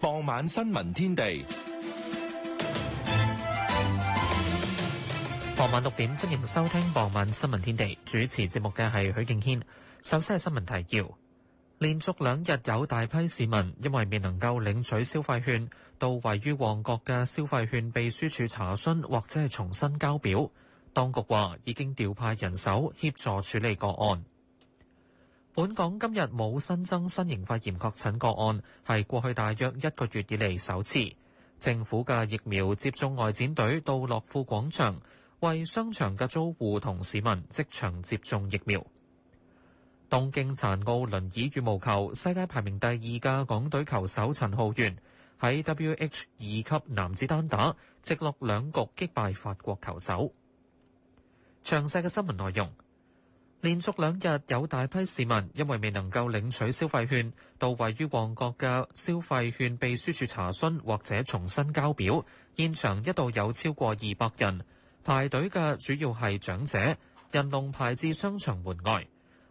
傍晚新聞天地，傍晚六點，歡迎收聽傍晚新聞天地。主持節目嘅係許敬軒。首先係新聞提要，連續兩日有大批市民因為未能夠領取消費券，到位於旺角嘅消費券秘書處查詢或者係重新交表。當局話已經調派人手協助處理個案。本港今日冇新增新型肺炎確診個案，係過去大約一個月以嚟首次。政府嘅疫苗接種外展隊到樂富廣場為商場嘅租戶同市民即場接種疫苗。東京殘奧輪椅羽毛球世界排名第二嘅港隊球手陳浩源喺 W H 二級男子單打，直落兩局擊敗法國球手。詳細嘅新聞內容。連續兩日，有大批市民因為未能夠領取消費券，到位於旺角嘅消費券秘書處查詢或者重新交表。現場一度有超過二百人。排隊嘅主要係長者，人龍排至商場門外。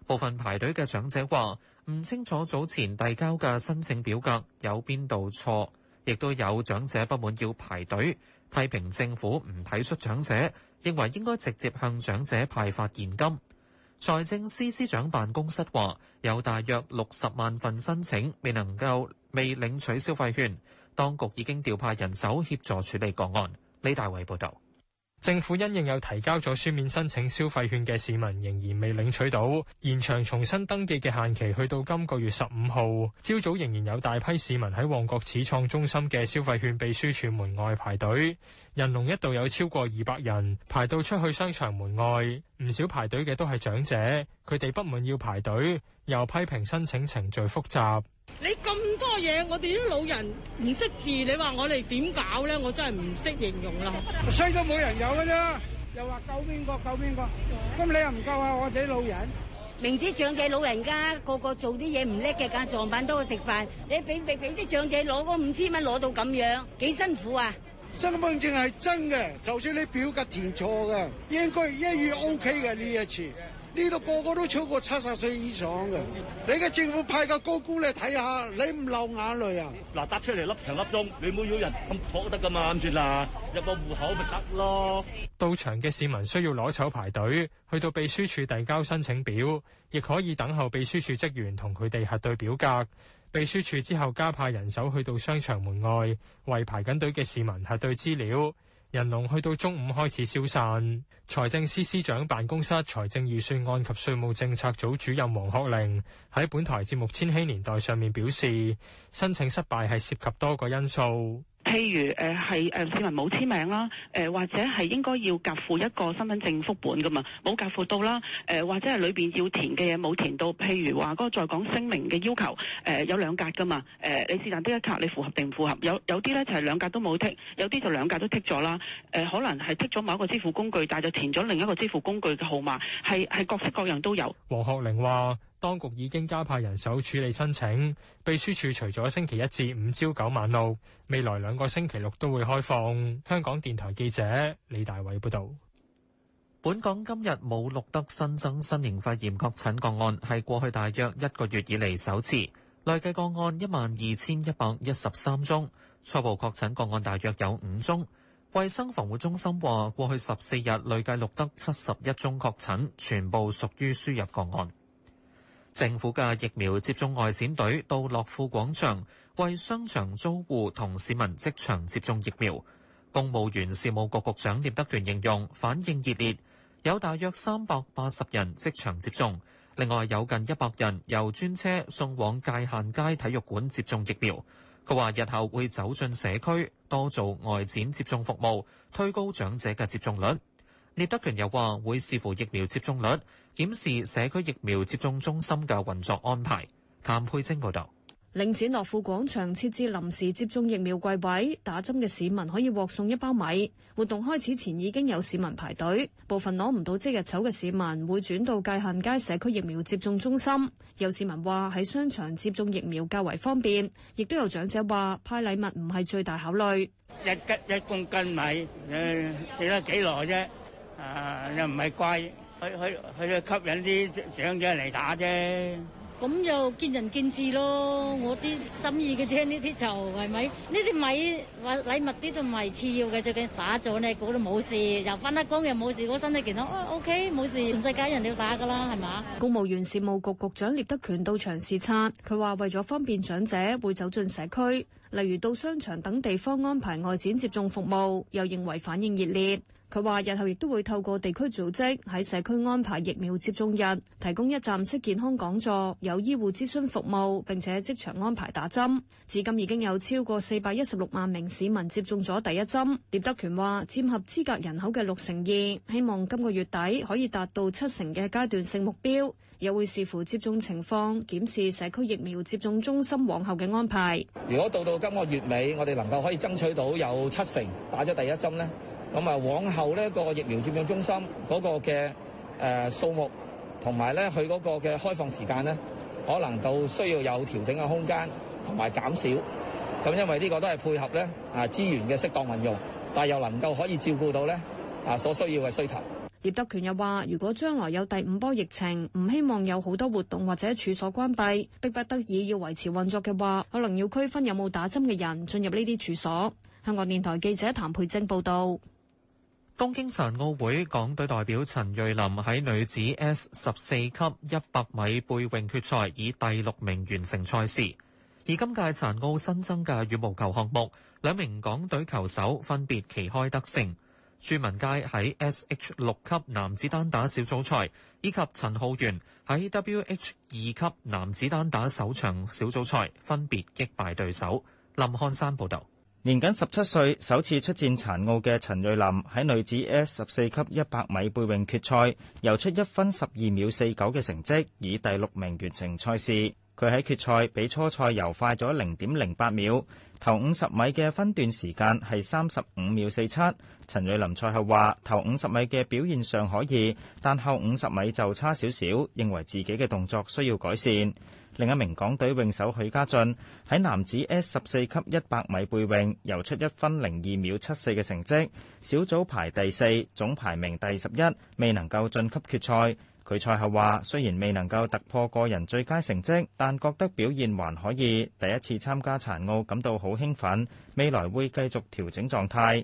部分排隊嘅長者話唔清楚早前遞交嘅申請表格有邊度錯，亦都有長者不滿要排隊，批評政府唔體恤長者，認為應該直接向長者派發現金。財政司司長辦公室話：有大約六十萬份申請未能夠未領取消費券，當局已經調派人手協助處理個案。李大偉報導。政府因應有提交咗書面申請消費券嘅市民仍然未領取到，延長重新登記嘅限期去到今個月十五號。朝早仍然有大批市民喺旺角始創中心嘅消費券秘書處門外排隊，人龍一度有超過二百人，排到出去商場門外。唔少排隊嘅都係長者，佢哋不滿要排隊，又批評申請程序複雜。你咁多嘢，我哋啲老人唔識字，你話我哋點搞咧？我真係唔識形容啦。衰都冇人有噶啫。又話救邊個救邊個？咁你又唔救下、啊、我哋啲老人？明知長者老人家個個做啲嘢唔叻嘅，假撞板都去食飯。你俾俾俾啲長者攞嗰五千蚊攞到咁樣，幾辛苦啊？身份證係真嘅，就算你表格填錯噶，應該一於 OK 嘅呢一次。呢度個個都超過七十歲以上嘅，你嘅政府派嘅高官你睇下，你唔流眼淚啊？嗱，搭出嚟粒成粒鐘，你冇要人咁苛得噶嘛？咁算啦，入個戶口咪得咯。到場嘅市民需要攞籌排隊，去到秘書處遞交申請表，亦可以等候秘書處職員同佢哋核對表格。秘書處之後加派人手去到商場門外，為排緊隊嘅市民核對資料。人龍去到中午開始消散。財政司司長辦公室財政預算案及稅務政策組主任王學玲喺本台節目《千禧年代》上面表示，申請失敗係涉及多個因素。譬如誒係誒市民冇簽名啦，誒、呃、或者係應該要夾附一個身份證副本噶嘛，冇夾附到啦，誒、呃、或者係裏邊要填嘅嘢冇填到，譬如話嗰個在港聲明嘅要求誒、呃、有兩格噶嘛，誒、呃、你是但得一格，你符合定唔符合？有有啲咧就係、是、兩格都冇剔，有啲就兩格都剔咗啦，誒、呃、可能係剔咗某一個支付工具，但係就填咗另一個支付工具嘅號碼，係係各式各樣都有。黃學玲話。當局已經加派人手處理申請。秘書處除咗星期一至五朝九晚六，未來兩個星期六都會開放。香港電台記者李大偉報道。本港今日冇錄得新增新型肺炎確診個案，係過去大約一個月以嚟首次。累計個案一萬二千一百一十三宗，初步確診個案大約有五宗。衛生防護中心話，過去十四日，累計錄得七十一宗確診，全部屬於輸入個案。政府嘅疫苗接種外展隊到樂富廣場為商場租戶同市民即場接種疫苗。公務員事務局局長聶德權形容反應熱烈，有大約三百八十人即場接種，另外有近一百人由專車送往界限街體育館接種疫苗。佢話日後會走進社區，多做外展接種服務，推高長者嘅接種率。聶德權又話會視乎疫苗接種率，檢視社區疫苗接種中心嘅運作安排。譚佩晶報道。領展樂富廣場設置臨時接種疫苗櫃位，打針嘅市民可以獲送一包米。活動開始前已經有市民排隊，部分攞唔到即日籌嘅市民會轉到界限街社區疫苗接種中心。有市民話喺商場接種疫苗較為方便，亦都有長者話派禮物唔係最大考慮。一斤一公斤米，誒、呃，食得幾耐啫？啊！又唔係怪，佢佢佢就吸引啲長者嚟打啫。咁又見仁見智咯。我啲心意嘅啫，呢啲就係咪呢啲咪話禮物啲都唔係次要嘅，最緊打咗咧，嗰都冇事，又返得工又冇事，我身體健康，O K 冇事，全世界人都要打噶啦，係嘛？公務員事務局局，局長聶德權到場視察，佢話為咗方便長者，會走進社區，例如到商場等地方安排外展接種服務，又認為反應熱烈。佢話：日後亦都會透過地區組織喺社區安排疫苗接種日，提供一站式健康講座、有醫護諮詢服務，並且即場安排打針。至今已經有超過四百一十六萬名市民接種咗第一針。聶德權話：佔合資格人口嘅六成二，希望今個月底可以達到七成嘅階段性目標，又會視乎接種情況檢視社區疫苗接種中心往後嘅安排。如果到到今個月尾，我哋能夠可以爭取到有七成打咗第一針呢？咁啊，往後呢個疫苗接種中心嗰個嘅誒數目，同埋咧佢嗰個嘅開放時間呢，可能到需要有調整嘅空間，同埋減少咁，因為呢個都係配合咧啊資源嘅適當運用，但又能夠可以照顧到咧啊所需要嘅需求。聶德權又話：如果將來有第五波疫情，唔希望有好多活動或者處所關閉，迫不得已要維持運作嘅話，可能要區分有冇打針嘅人進入呢啲處所。香港電台記者譚佩晶報道。東京殘奧會港隊代表陳瑞琳喺女子 S 十四級一百米背泳決賽以第六名完成賽事。而今屆殘奧新增嘅羽毛球項目，兩名港隊球手分別旗開得勝。朱文佳喺 SH 六級男子單打小組賽，以及陳浩源喺 WH 二級男子單打首場小組賽分別擊敗對手。林漢山報道。年僅十七歲，首次出戰殘奧嘅陳瑞琳喺女子 S 十四級一百米背泳決賽，游出一分十二秒四九嘅成績，以第六名完成賽事。佢喺決賽比初賽游快咗零點零八秒，頭五十米嘅分段時間係三十五秒四七。陳瑞琳賽後話：頭五十米嘅表現尚可以，但後五十米就差少少，認為自己嘅動作需要改善。另一名港隊泳手許家俊喺男子 S 十四級一百米背泳游出一分零二秒七四嘅成績，小組排第四，總排名第十一，未能夠晉級決賽，佢賽後話雖然未能夠突破個人最佳成績，但覺得表現還可以，第一次參加殘奧感到好興奮，未來會繼續調整狀態。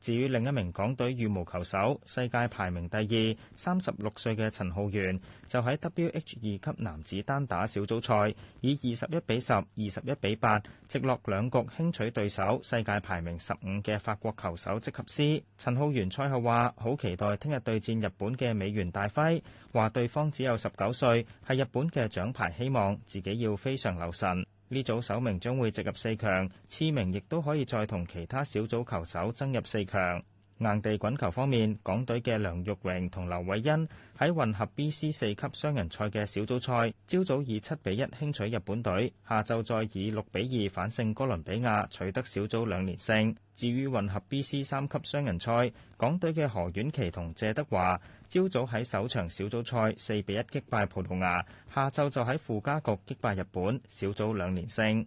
至於另一名港隊羽毛球手、世界排名第二、三十六歲嘅陳浩源，就喺 W H 二級男子單打小組賽以二十一比十、二十一比八，直落兩局輕取對手、世界排名十五嘅法國球手積及斯。陳浩源賽後話：好期待聽日對戰日本嘅美源大輝，話對方只有十九歲，係日本嘅獎牌希望，自己要非常留神。呢組首名將會直入四強，次名亦都可以再同其他小組球手爭入四強。硬地滾球方面，港隊嘅梁玉榮同劉慧欣喺混合 B C 四級雙人賽嘅小組賽朝早以七比一輕取日本隊，下晝再以六比二反勝哥倫比亞，取得小組兩連勝。至於混合 B C 三級雙人賽，港隊嘅何婉琪同謝德華朝早喺首場小組賽四比一擊敗葡萄牙，下晝就喺附加局擊敗日本，小組兩連勝。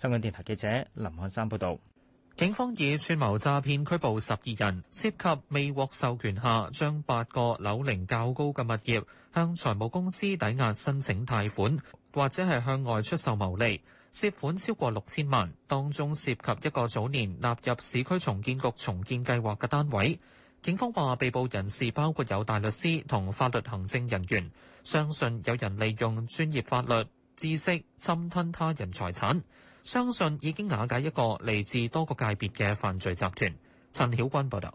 香港電台記者林漢山報道。警方以串謀詐騙拘捕十二人，涉及未獲授權下將八個樓齡較高嘅物業向財務公司抵押申請貸款，或者係向外出售牟利，涉款超過六千萬，當中涉及一個早年納入市區重建局重建計劃嘅單位。警方話，被捕人士包括有大律師同法律行政人員，相信有人利用專業法律知識侵吞他人財產。相信已經瓦解一個嚟自多個界別嘅犯罪集團，陳曉君報道。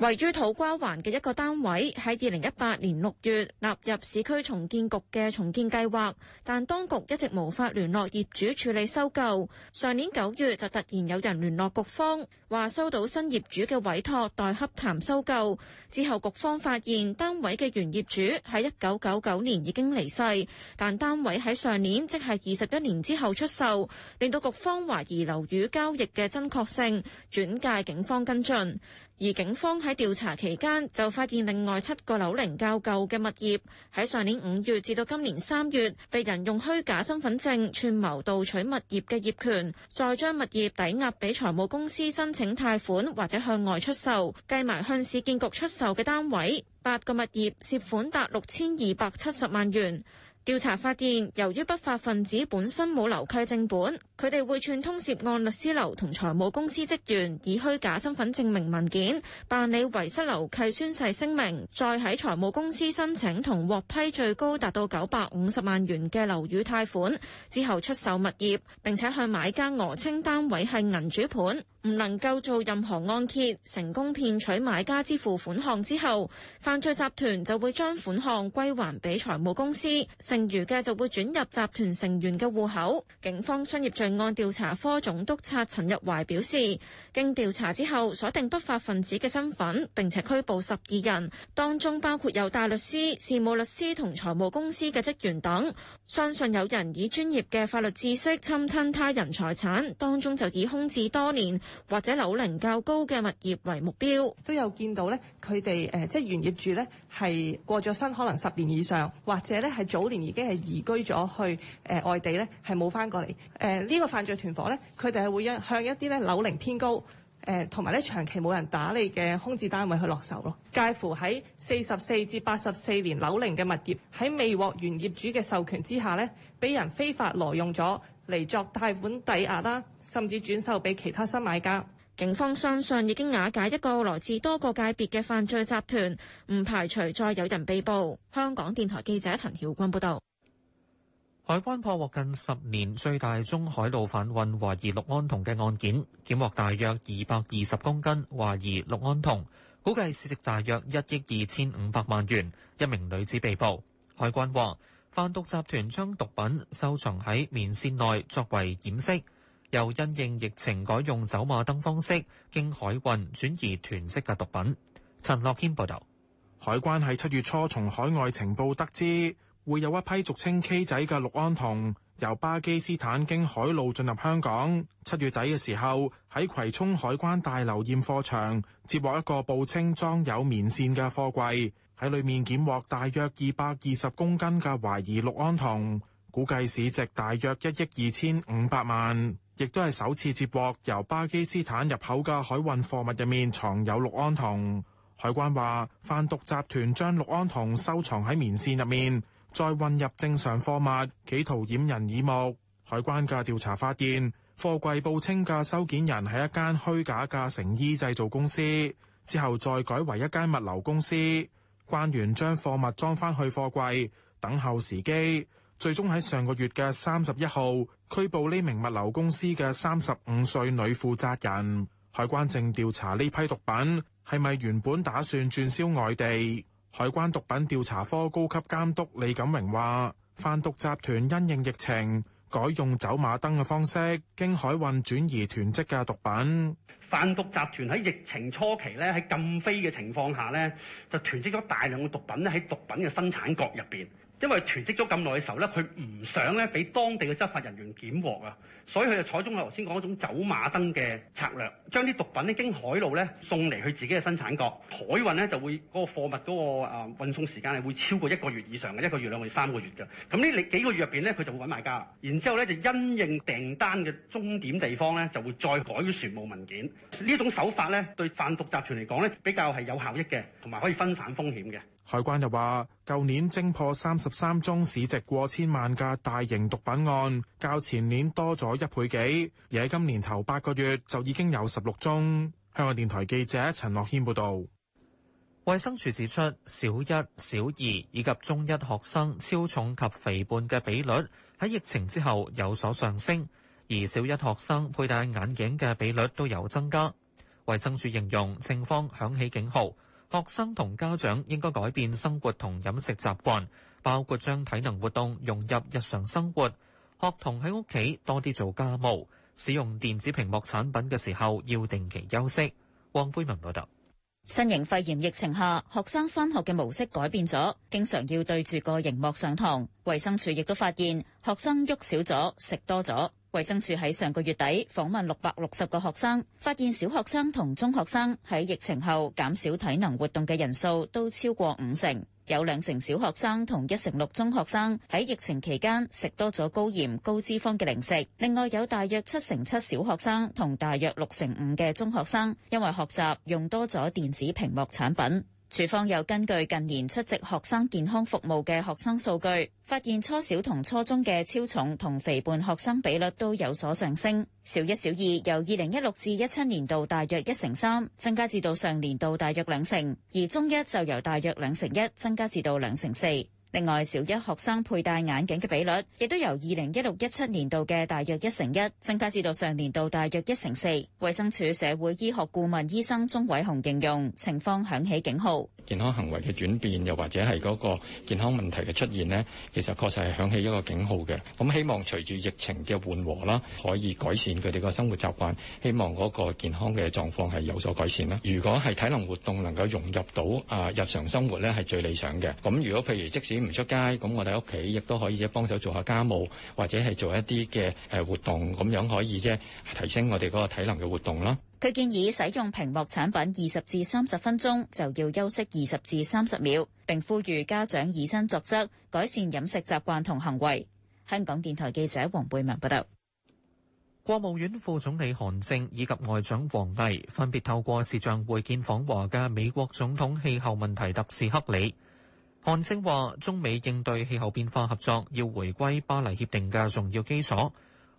位於土瓜灣嘅一個單位喺二零一八年六月納入市區重建局嘅重建計劃，但當局一直無法聯絡業主處理收購。上年九月就突然有人聯絡局方，話收到新業主嘅委託代洽談收購。之後局方發現單位嘅原業主喺一九九九年已經離世，但單位喺上年即係二十一年之後出售，令到局方懷疑樓宇交易嘅真確性，轉介警方跟進。而警方喺調查期間就發現另外七個樓齡較舊嘅物業，喺上年五月至到今年三月，被人用虛假身份證串謀盜取物業嘅業權，再將物業抵押俾財務公司申請貸款或者向外出售，計埋向市建局出售嘅單位，八個物業涉款達六千二百七十萬元。調查發現，由於不法分子本身冇樓契正本，佢哋會串通涉案律師樓同財務公司職員，以虛假身份證明文件辦理遺失樓契宣誓聲明，再喺財務公司申請同獲批最高達到九百五十萬元嘅樓宇貸款，之後出售物業，並且向買家訛稱單位係銀主盤。唔能夠做任何按揭，成功騙取買家支付款項之後，犯罪集團就會將款項歸還俾財務公司，剩餘嘅就會轉入集團成員嘅戶口。警方商業罪案調查科總督察陳日懷表示，經調查之後鎖定不法分子嘅身份，並且拘捕十二人，當中包括有大律師、事務律師同財務公司嘅職員等。相信有人以專業嘅法律知識侵吞他人財產，當中就已空置多年，或者樓齡較高嘅物業為目標，都有見到咧，佢哋誒即係原業主咧係過咗身，可能十年以上，或者咧係早年已經係移居咗去誒外地咧，係冇翻過嚟。誒、呃、呢、呃呢個犯罪團伙咧，佢哋係會向一啲咧樓齡偏高誒，同埋咧長期冇人打理嘅空置單位去落手咯，介乎喺四十四至八十四年樓齡嘅物業，喺未獲原業主嘅授權之下咧，俾人非法挪用咗嚟作貸款抵押啦，啊甚至轉售俾其他新買家。警方相信已經瓦解一個來自多個界別嘅犯罪集團，唔排除再有人被捕。香港電台記者陳曉君報導。海關破獲近十年最大宗海路販運懷疑氯胺酮嘅案件，檢獲大約二百二十公斤懷疑氯胺酮，估計市值大約一億二千五百萬元。一名女子被捕。海關話，販毒集團將毒品收藏喺棉線內，作為掩飾。又因應疫情改用走馬燈方式經海運轉移囤積嘅毒品。陳樂謙報道，海關喺七月初從海外情報得知，會有一批俗稱 K 仔嘅氯胺酮由巴基斯坦經海路進入香港。七月底嘅時候，喺葵涌海關大樓驗貨場接獲一個報稱裝有棉線嘅貨櫃，喺裏面檢獲大約二百二十公斤嘅懷疑氯胺酮，估計市值大約一億二千五百萬。亦都係首次接獲由巴基斯坦入口嘅海運貨物入面藏有氯胺酮。海關話，販毒集團將氯胺酮收藏喺棉線入面，再混入正常貨物，企圖掩人耳目。海關嘅調查發現，貨櫃報稱嘅收件人係一間虛假嘅成衣製造公司，之後再改為一間物流公司。關員將貨物裝返去貨櫃，等候時機。最終喺上個月嘅三十一號拘捕呢名物流公司嘅三十五歲女負責人。海關正調查呢批毒品係咪原本打算轉銷外地。海關毒品調查科高級監督李錦榮話，販毒集團因應疫情改用走馬燈嘅方式，經海運轉移囤積嘅毒品。販毒集團喺疫情初期咧，喺禁飛嘅情況下呢，就囤積咗大量嘅毒品喺毒品嘅生產國入邊。因為囤積咗咁耐嘅時候咧，佢唔想咧俾當地嘅執法人員檢獲啊！所以佢就採中我頭先講嗰種走馬燈嘅策略，將啲毒品咧經海路咧送嚟去自己嘅生產國，海運咧就會嗰個貨物嗰個啊運送時間係會超過一個月以上嘅，一個月兩個月三個月嘅。咁呢幾幾個月入邊咧，佢就會揾買家，然之後咧就因應訂單嘅終點地方咧，就會再改船務文件。呢種手法咧對販毒集團嚟講咧比較係有效益嘅，同埋可以分散風險嘅。海關就話，舊年偵破三十三宗市值過千萬嘅大型毒品案，較前年多咗。一倍幾，而喺今年頭八個月就已經有十六宗。香港電台記者陳樂軒報導。衛生署指出，小一、小二以及中一學生超重及肥胖嘅比率喺疫情之後有所上升，而小一學生佩戴眼鏡嘅比率都有增加。衛生署形容情況響起警號，學生同家長應該改變生活同飲食習慣，包括將體能活動融入日常生活。學童喺屋企多啲做家務，使用電子屏幕產品嘅時候要定期休息。汪輝文報道：新型肺炎疫情下，學生返學嘅模式改變咗，經常要對住個熒幕上堂。衛生署亦都發現學生喐少咗，食多咗。衛生署喺上個月底訪問六百六十個學生，發現小學生同中學生喺疫情後減少體能活動嘅人數都超過五成。有兩成小學生同一成六中學生喺疫情期間食多咗高鹽、高脂肪嘅零食，另外，有大約七成七小學生同大約六成五嘅中學生因為學習用多咗電子屏幕產品。署方又根據近年出席學生健康服務嘅學生數據，發現初小同初中嘅超重同肥胖學生比率都有所上升。小一小二由二零一六至一七年度大約一成三，增加至到上年度大約兩成，而中一就由大約兩成一增加至到兩成四。另外，小一學生佩戴眼鏡嘅比率亦都由二零一六一七年度嘅大約一成一，增加至到上年度大約一成四。衛生署社會醫學顧問醫生鍾偉雄形容情況響起警號，健康行為嘅轉變，又或者係嗰個健康問題嘅出現呢，其實確實係響起一個警號嘅。咁希望隨住疫情嘅緩和啦，可以改善佢哋個生活習慣，希望嗰個健康嘅狀況係有所改善啦。如果係體能活動能夠融入到啊日常生活呢，係最理想嘅。咁如果譬如即使唔出街，咁我哋屋企亦都可以啫，幫手做下家務，或者係做一啲嘅誒活動，咁樣可以啫，提升我哋嗰個體能嘅活動啦。佢建議使用屏幕產品二十至三十分鐘就要休息二十至三十秒，並呼籲家長以身作則，改善飲食習慣同行為。香港電台記者黃貝文報道。國務院副總理韓正以及外長王毅分別透過視像會見訪華嘅美國總統氣候問題特使克里。韓正話：中美應對氣候變化合作要回歸巴黎協定嘅重要基礎。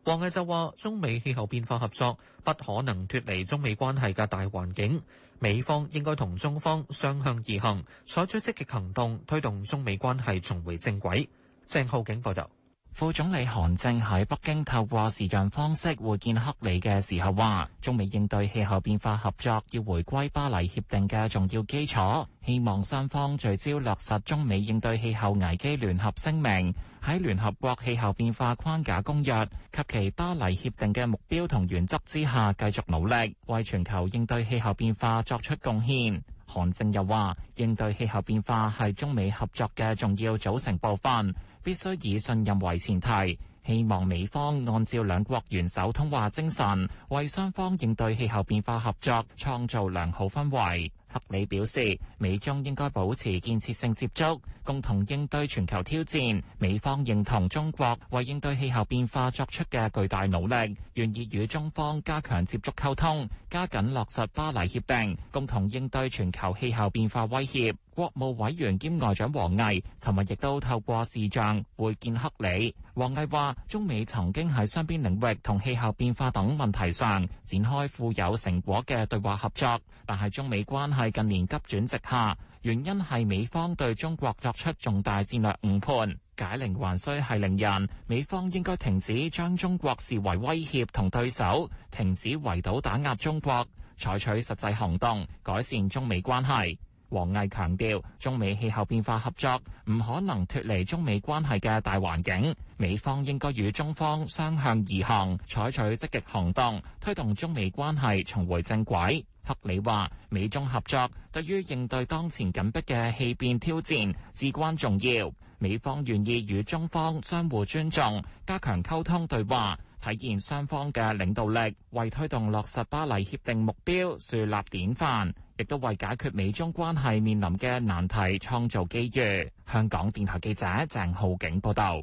王毅就話：中美氣候變化合作不可能脱離中美關係嘅大環境，美方應該同中方相向而行，採取積極行動推動中美關係重回正軌。鄭浩景報道。副總理韓正喺北京透過視像方式會見克里嘅時候話：中美應對氣候變化合作要回歸巴黎協定嘅重要基礎，希望雙方聚焦落實中美應對氣候危機聯合聲明，喺聯合國氣候變化框架公約及其巴黎協定嘅目標同原則之下繼續努力，為全球應對氣候變化作出貢獻。韓正又話：應對氣候變化係中美合作嘅重要組成部分。必須以信任為前提，希望美方按照兩國元首通話精神，為雙方應對氣候變化合作，創造良好氛圍。克里表示，美中應該保持建設性接觸，共同應對全球挑戰。美方認同中國為應對氣候變化作出嘅巨大努力，願意與中方加強接觸溝通，加緊落實巴黎協定，共同應對全球氣候變化威脅。國務委員兼外長王毅尋日亦都透過視像會見克里。王毅話：中美曾經喺雙邊領域同氣候變化等問題上展開富有成果嘅對話合作，但係中美關係近年急轉直下，原因係美方對中國作出重大戰略誤判。解鈴還需繫鈴人，美方應該停止將中國視為威脅同對手，停止圍堵打壓中國，採取實際行動改善中美關係。王毅強調，中美氣候變化合作唔可能脫離中美關係嘅大環境，美方應該與中方相向而行，採取積極行動，推動中美關係重回正軌。克里話：美中合作對於應對當前緊迫嘅氣變挑戰至關重要，美方願意與中方相互尊重，加強溝通對話，體現雙方嘅領導力，為推動落實巴黎協定目標樹立典範。亦都為解決美中關係面臨嘅難題創造機遇。香港電台記者鄭浩景報道。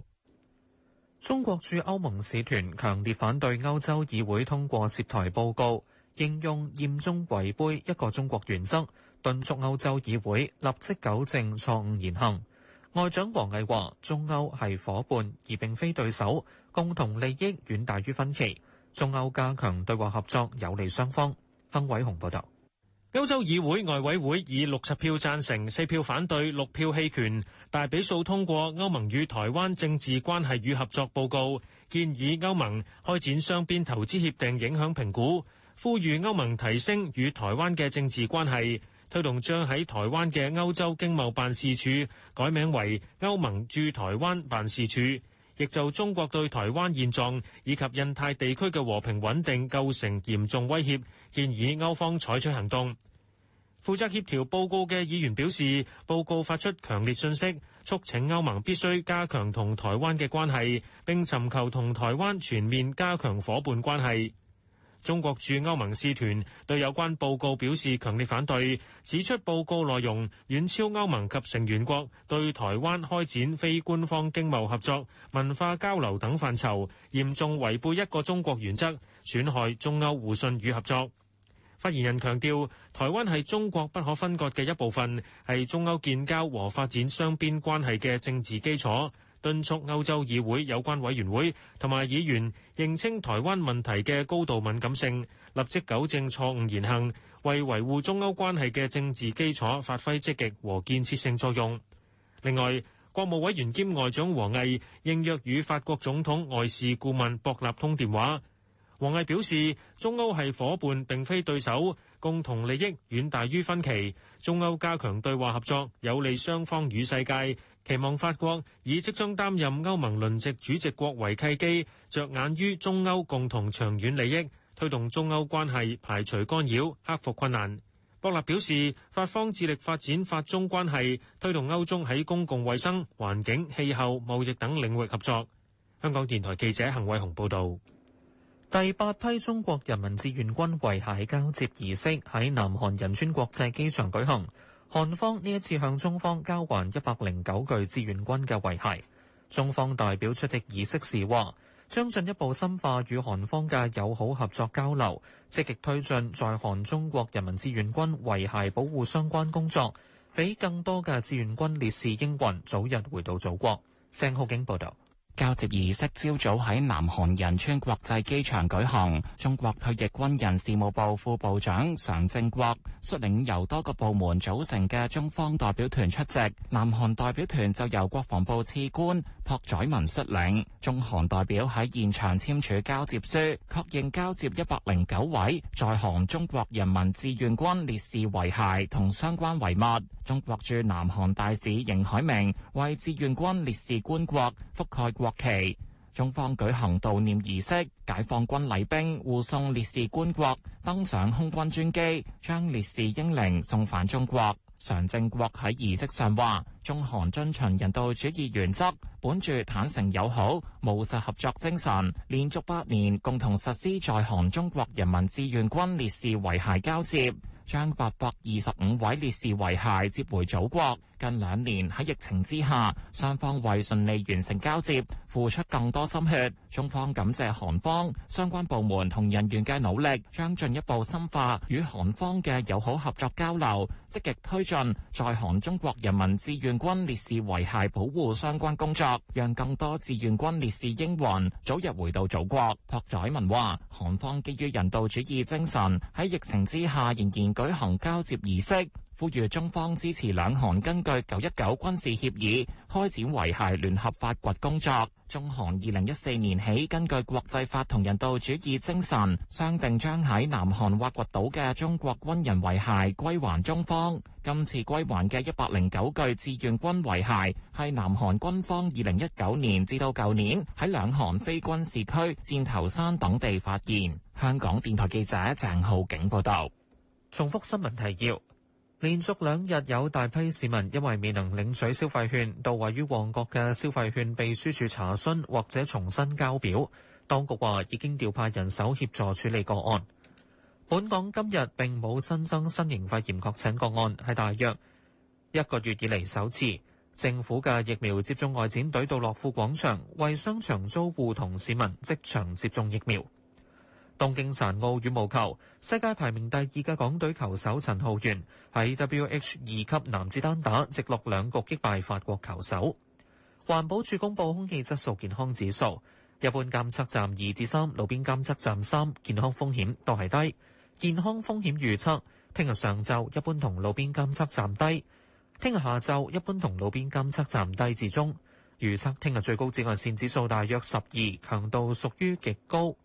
中國駐歐盟使團強烈反對歐洲議會通過涉台報告，形容嚴重違背一個中國原則，敦促歐洲議會立即糾正錯誤言行。外長王毅話中歐係夥伴而並非對手，共同利益遠大於分歧，中歐加強對話合作有利雙方。鄧偉雄報道。歐洲議會外委會以六十票贊成、四票反對、六票棄權，大比數通過歐盟與台灣政治關係與合作報告，建議歐盟開展雙邊投資協定影響評估，呼籲歐盟提升與台灣嘅政治關係，推動將喺台灣嘅歐洲經貿辦事處改名為歐盟駐台灣辦事處，亦就中國對台灣現狀以及印太地區嘅和平穩定構成嚴重威脅，建議歐方採取行動。負責協調報告嘅議員表示，報告發出強烈訊息，促請歐盟必須加強同台灣嘅關係，並尋求同台灣全面加強伙伴關係。中國駐歐盟使團對有關報告表示強烈反對，指出報告內容遠超歐盟及成員國對台灣開展非官方經貿合作、文化交流等範疇，嚴重違背一個中國原則，損害中歐互信與合作。發言人強調，台灣係中國不可分割嘅一部分，係中歐建交和發展雙邊關係嘅政治基礎。敦促歐洲議會有關委員會同埋議員認清台灣問題嘅高度敏感性，立即糾正錯誤言行，為維護中歐關係嘅政治基礎發揮積極和建設性作用。另外，國務委員兼外長王毅應約與法國總統外事顧問博納通電話。王毅表示，中歐係伙伴，並非對手，共同利益遠大於分歧。中歐加強對話合作，有利雙方與世界。期望法國以即將擔任歐盟輪值主席國為契機，着眼於中歐共同長遠利益，推動中歐關係排除干擾，克服困難。博納表示，法方致力發展法中關係，推動歐中喺公共衛生、環境、氣候、貿易等領域合作。香港電台記者幸偉雄報導。第八批中國人民志願軍遺骸交接儀式喺南韓仁川國際機場舉行，韓方呢一次向中方交還一百零九具志願軍嘅遺骸。中方代表出席儀式時話，將進一步深化與韓方嘅友好合作交流，積極推進在韓中國人民志願軍遺骸保護相關工作，俾更多嘅志願軍烈士英魂早日回到祖國，鄭浩景報道。交接儀式朝早喺南韓仁川國際機場舉行，中國退役軍人事務部副部長常正國率領由多個部門組成嘅中方代表團出席，南韓代表團就由國防部次官朴宰民率領。中韓代表喺現場簽署交接書，確認交接一百零九位在韓中國人民志願軍烈士遺骸同相關遺物。中國駐南韓大使邢海明為志願軍烈士棺槨，覆蓋國國旗，中方舉行悼念儀式，解放軍禮兵護送烈士棺槨登上空軍專機，將烈士英靈送返中國。常正國喺儀式上話：中韓遵循人道主義原則，本住坦誠友好、務實合作精神，連續八年共同實施在韓中國人民志願軍烈士遺骸交接，將八百二十五位烈士遺骸接回祖國。近兩年喺疫情之下，雙方為順利完成交接，付出更多心血。中方感謝韓方相關部門同人員嘅努力，將進一步深化與韓方嘅友好合作交流，積極推進在韓中國人民志願軍烈士遺骸保護相關工作，讓更多志願軍烈士英魂早日回到祖國。朴宰文話：韓方基於人道主義精神，喺疫情之下仍然舉行交接儀式。呼籲中方支持兩韓根據《九一九軍事協議》開展遺骸聯合發掘工作。中韓二零一四年起，根據國際法同人道主義精神，商定將喺南韓挖掘到嘅中國軍人遺骸歸還中方。今次歸還嘅一百零九具志願軍遺骸係南韓軍方二零一九年至到舊年喺兩韓非軍事區箭頭山等地發現。香港電台記者鄭浩景報道。重複新聞提要。連續兩日有大批市民因為未能領取消費券，到位於旺角嘅消費券秘書處查詢或者重新交表。當局話已經調派人手協助處理個案。本港今日並冇新增新型肺炎確診個案，係大約一個月以嚟首次。政府嘅疫苗接種外展隊到樂富廣場，為商場租戶同市民即場接種疫苗。東京殘奧羽毛球世界排名第二嘅港隊球手陳浩源喺 W H 二級男子單打直落兩局擊敗法國球手。環保署公布空氣質素健康指數，一般監測站二至三，3, 路邊監測站三，健康風險都係低。健康風險預測聽日上晝一般同路邊監測站低，聽日下晝一般同路邊監測站低至中。預測聽日最高紫外線指數大約十二，強度屬於極高。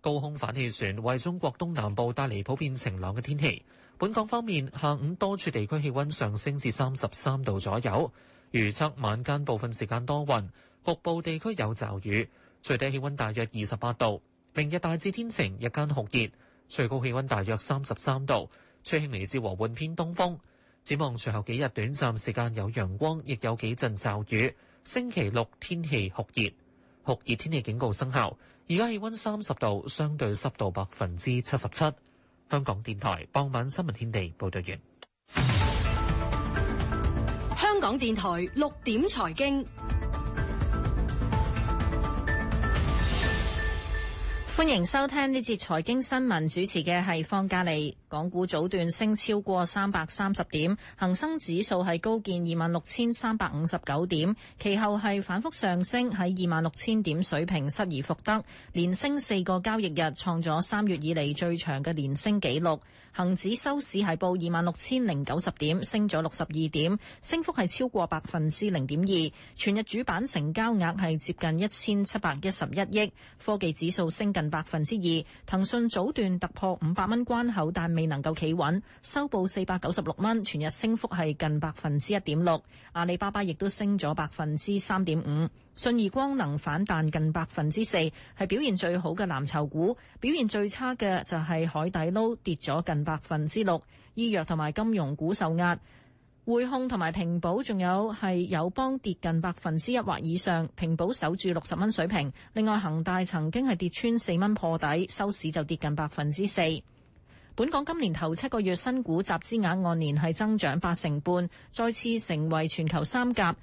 高空反氣旋為中國東南部帶嚟普遍晴朗嘅天氣。本港方面，下午多處地區氣温上升至三十三度左右。預測晚間部分時間多雲，局部地區有驟雨，最低氣温大約二十八度。明日大致天晴，日間酷熱，最高氣温大約三十三度。吹輕微至和緩偏東風。展望隨後幾日短暫時間有陽光，亦有幾陣驟雨。星期六天氣酷熱，酷熱天氣警告生效。而家氣溫三十度，相對濕度百分之七十七。香港電台傍晚新聞天地，報導完。香港電台六點財經。歡迎收聽呢節財經新聞，主持嘅係方嘉利。港股早段升超過三百三十點，恒生指數係高見二萬六千三百五十九點，其後係反覆上升喺二萬六千點水平失而復得，連升四個交易日，創咗三月以嚟最長嘅連升紀錄。恒指收市係報二萬六千零九十點，升咗六十二點，升幅係超過百分之零點二。全日主板成交額係接近一千七百一十一億，科技指數升近。百分之二，騰訊早段突破五百蚊關口，但未能夠企穩，收報四百九十六蚊，全日升幅係近百分之一點六。阿里巴巴亦都升咗百分之三點五。信義光能反彈近百分之四，係表現最好嘅藍籌股。表現最差嘅就係海底撈，跌咗近百分之六。醫藥同埋金融股受壓。匯控同埋平保仲有係友邦跌近百分之一或以上。平保守住六十蚊水平。另外，恒大曾經係跌穿四蚊破底，收市就跌近百分之四。本港今年頭七個月新股集資額按年係增長八成半，再次成為全球三甲。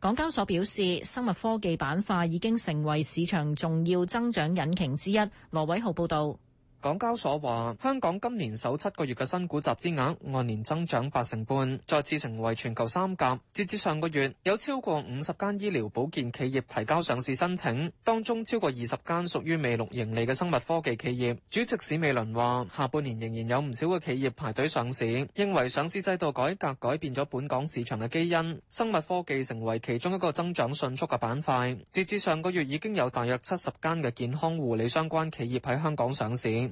港交所表示，生物科技板塊已經成為市場重要增長引擎之一。羅偉豪報道。港交所話香港今年首七個月嘅新股集資額按年增長八成半，再次成為全球三甲。截至上個月，有超過五十間醫療保健企業提交上市申請，當中超過二十間屬於未錄盈利嘅生物科技企業。主席史美倫話下半年仍然有唔少嘅企業排隊上市，認為上市制度改革改，改變咗本港市場嘅基因，生物科技成為其中一個增長迅速嘅板塊。截至上個月，已經有大約七十間嘅健康護理相關企業喺香港上市。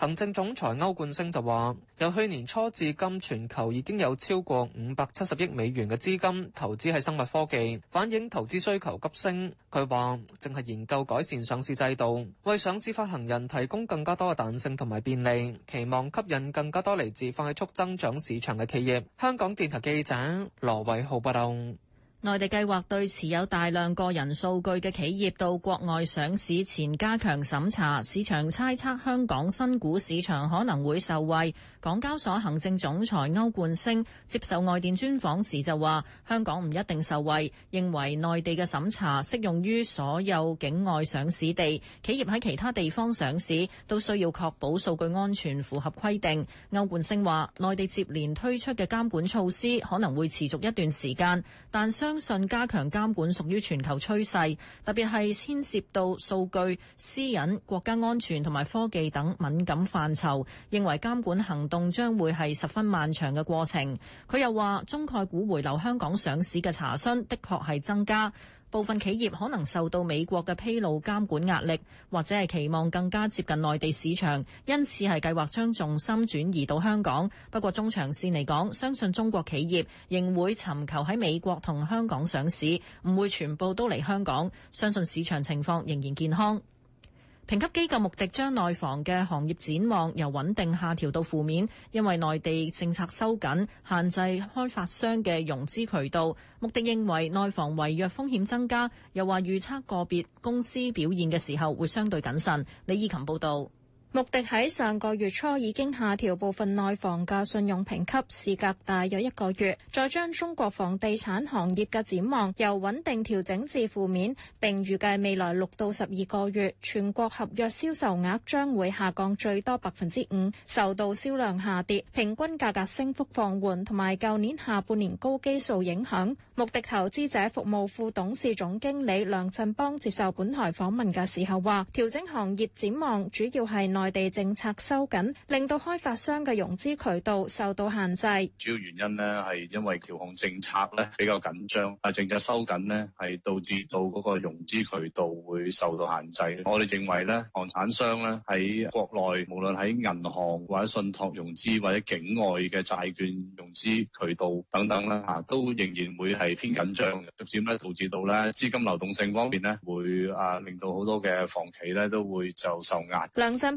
行政總裁歐冠昇就話：由去年初至今，全球已經有超過五百七十億美元嘅資金投資喺生物科技，反映投資需求急升。佢話正係研究改善上市制度，為上市發行人提供更加多嘅彈性同埋便利，期望吸引更加多嚟自快速增長市場嘅企業。香港電台記者羅偉浩報道。內地計劃對持有大量個人數據嘅企業到國外上市前加強審查，市場猜測香港新股市場可能會受惠。港交所行政總裁歐冠升接受外電專訪時就話：香港唔一定受惠，認為內地嘅審查適用於所有境外上市地，企業喺其他地方上市都需要確保數據安全符合規定。歐冠升話：內地接連推出嘅監管措施可能會持續一段時間，但相相信加強監管屬於全球趨勢，特別係牽涉到數據、私隱、國家安全同埋科技等敏感範疇，認為監管行動將會係十分漫長嘅過程。佢又話：中概股回流香港上市嘅查詢，的確係增加。部分企業可能受到美國嘅披露監管壓力，或者係期望更加接近內地市場，因此係計劃將重心轉移到香港。不過，中長線嚟講，相信中國企業仍會尋求喺美國同香港上市，唔會全部都嚟香港，相信市場情況仍然健康。評級機構穆迪將內房嘅行業展望由穩定下調到負面，因為內地政策收緊，限制開發商嘅融資渠道。穆迪認為內房違約風險增加，又話預測個別公司表現嘅時候會相對謹慎。李以琴報道。穆迪喺上個月初已經下調部分內房嘅信用評級，事隔大約一個月，再將中國房地產行業嘅展望由穩定調整至負面，並預計未來六到十二個月全國合約銷售額將會下降最多百分之五，受到銷量下跌、平均價格升幅放緩同埋舊年下半年高基數影響。穆迪投資者服務副董事總經理梁振邦接受本台訪問嘅時候話，調整行業展望主要係。內地政策收緊，令到開發商嘅融資渠道受到限制。主要原因呢，係因為調控政策咧比較緊張，啊政策收緊呢，係導致到嗰個融資渠道會受到限制。我哋認為咧，房產商咧喺國內無論喺銀行或者信託融資或者境外嘅債券融資渠道等等啦，吓都仍然會係偏緊張，逐漸咧導致到咧資金流動性方面呢，會啊令到好多嘅房企咧都會就受壓。梁振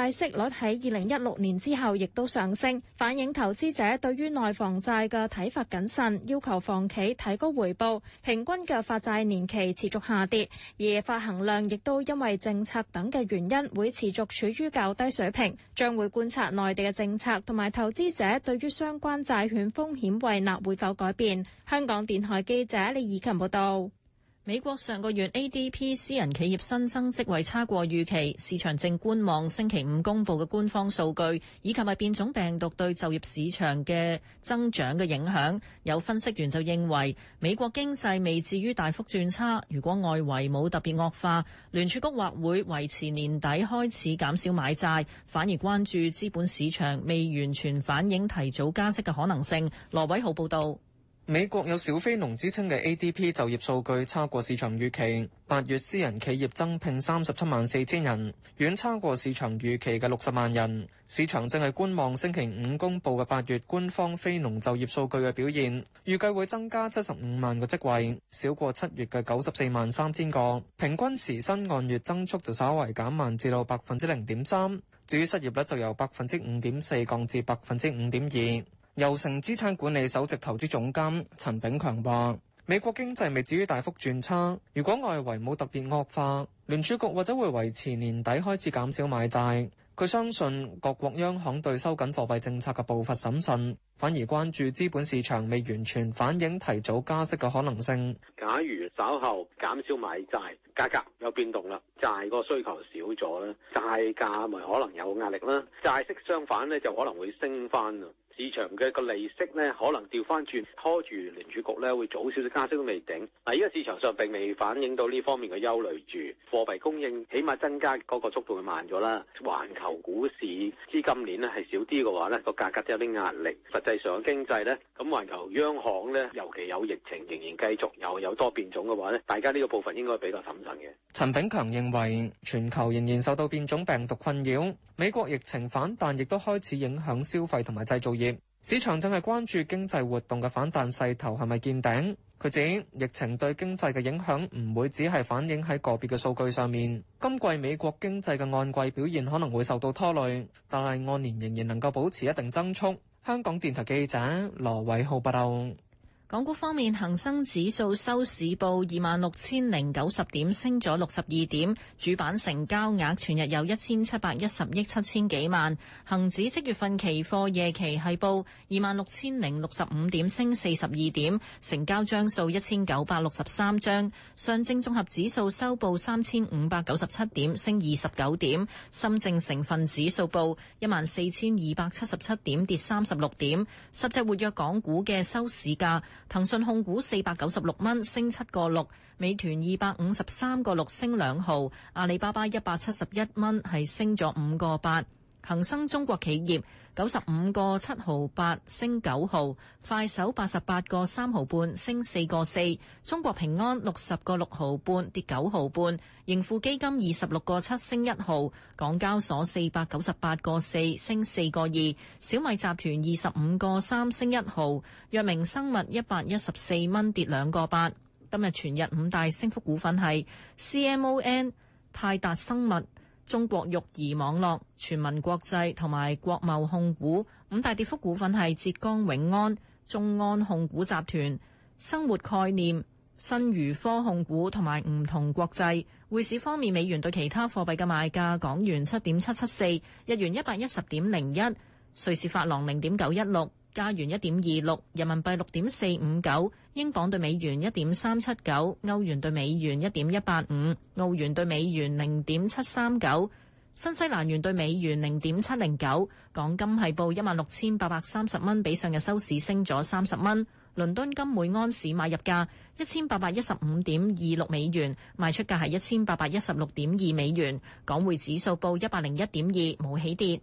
利息率喺二零一六年之後亦都上升，反映投資者對於內房債嘅睇法謹慎，要求房企提高回報。平均嘅發債年期持續下跌，而發行量亦都因為政策等嘅原因會持續處於較低水平。將會觀察內地嘅政策同埋投資者對於相關債券風險胃納會否改變。香港電台記者李以琴報道。美國上個月 ADP 私人企業新增職位差過預期，市場正觀望星期五公布嘅官方數據，以及係變種病毒對就業市場嘅增長嘅影響。有分析員就認為，美國經濟未至於大幅轉差，如果外圍冇特別惡化，聯儲局或會維持年底開始減少買債，反而關注資本市場未完全反映提早加息嘅可能性。羅偉豪報道。美國有小非農之稱嘅 ADP 就業數據差過市場預期，八月私人企業增聘三十七萬四千人，遠差過市場預期嘅六十萬人。市場正係觀望星期五公布嘅八月官方非農就業數據嘅表現，預計會增加七十五萬個職位，少過七月嘅九十四萬三千個。平均時薪按月增速就稍為減慢至到百分之零點三，至於失業率就由百分之五點四降至百分之五點二。油城資產管理首席投資總監陳炳強話，美國經濟未至於大幅轉差，如果外圍冇特別惡化，聯儲局或者會維持年底開始減少買債。佢相信各國央行對收緊貨幣政策嘅步伐審慎，反而關注資本市場未完全反映提早加息嘅可能性。假如稍後減少買債，價格有變動啦，債個需求少咗啦，債價咪可能有壓力啦，債息相反咧就可能會升翻啊。市場嘅個利息呢，可能調翻轉，拖住聯儲局呢會早少少加息都未頂。嗱，依家市場上並未反映到呢方面嘅憂慮住，貨幣供應起碼增加嗰個速度會慢咗啦。環球股市資金鏈呢係少啲嘅話，呢個價格,格都有啲壓力。實際上經濟呢，咁環球央行呢，尤其有疫情仍然繼續有有多變種嘅話呢大家呢個部分應該比較審慎嘅。陳炳強認為全球仍然受到變種病毒困擾，美國疫情反彈亦都開始影響消費同埋製造業。市場正係關注經濟活動嘅反彈勢頭係咪見頂。佢指疫情對經濟嘅影響唔會只係反映喺個別嘅數據上面。今季美國經濟嘅按季表現可能會受到拖累，但係按年仍然能夠保持一定增速。香港電台記者羅偉浩報道。港股方面，恒生指數收市報二萬六千零九十點，升咗六十二點。主板成交額全日有一千七百一十億七千幾萬。恒指即月份期貨夜期係報二萬六千零六十五點，升四十二點，成交張數一千九百六十三張。上證綜合指數收報三千五百九十七點，升二十九點。深證成分指數報一萬四千二百七十七點，跌三十六點。十隻活躍港股嘅收市價。騰訊控股四百九十六蚊，升七個六；美團二百五十三個六，升兩毫；阿里巴巴一百七十一蚊，係升咗五個八；恒生中國企業，九十五個七毫八升九毫，快手八十八個三毫半升四個四，中國平安六十個六毫半跌九毫半，盈富基金二十六個七升一毫，港交所四百九十八個四升四個二，小米集團二十五個三升一毫，藥明生物一百一十四蚊跌兩個八。今日全日五大升幅股份係 CMON、泰達生物、中國育兒網絡、全民國際同埋國貿控股。五大跌幅股份係浙江永安、中安控股集團、生活概念、新余科控股同埋唔同國際。匯市方面，美元對其他貨幣嘅賣價：港元七點七七四，日元一百一十點零一，瑞士法郎零點九一六。加元一點二六，人民幣六點四五九，英鎊對美元一點三七九，歐元對美元一點一八五，澳元對美元零點七三九，新西蘭元對美元零點七零九。港金係報一萬六千八百三十蚊，比上日收市升咗三十蚊。倫敦金每安士買入價一千八百一十五點二六美元，賣出價係一千八百一十六點二美元。港匯指數報一百零一點二，冇起跌。